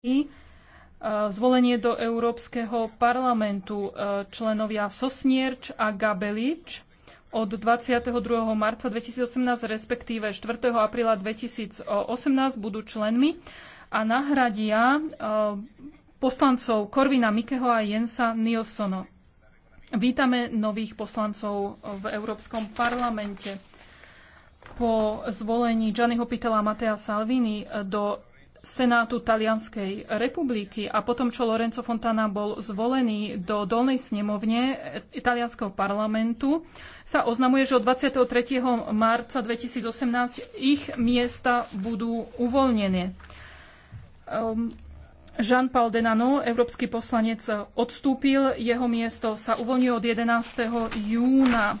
E, zvolenie do Európskeho parlamentu e, členovia Sosnierč a Gabelič od 22. marca 2018, respektíve 4. apríla 2018 budú členmi a nahradia e, poslancov Korvina Mikeho a Jensa Nilsono. Vítame nových poslancov v Európskom parlamente. Po zvolení Gianniho Pitela a Matea Salvini do Senátu Talianskej republiky a potom, čo Lorenzo Fontana bol zvolený do dolnej snemovne italianského parlamentu, sa oznamuje, že od 23. marca 2018 ich miesta budú uvoľnené. Ehm, Jean-Paul Denano, európsky poslanec, odstúpil. Jeho miesto sa uvoľnilo od 11. júna.